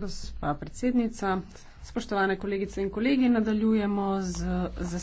gospa predsednica. Spoštovane kolegice in kolegi, nadaljujemo z zasedanjem.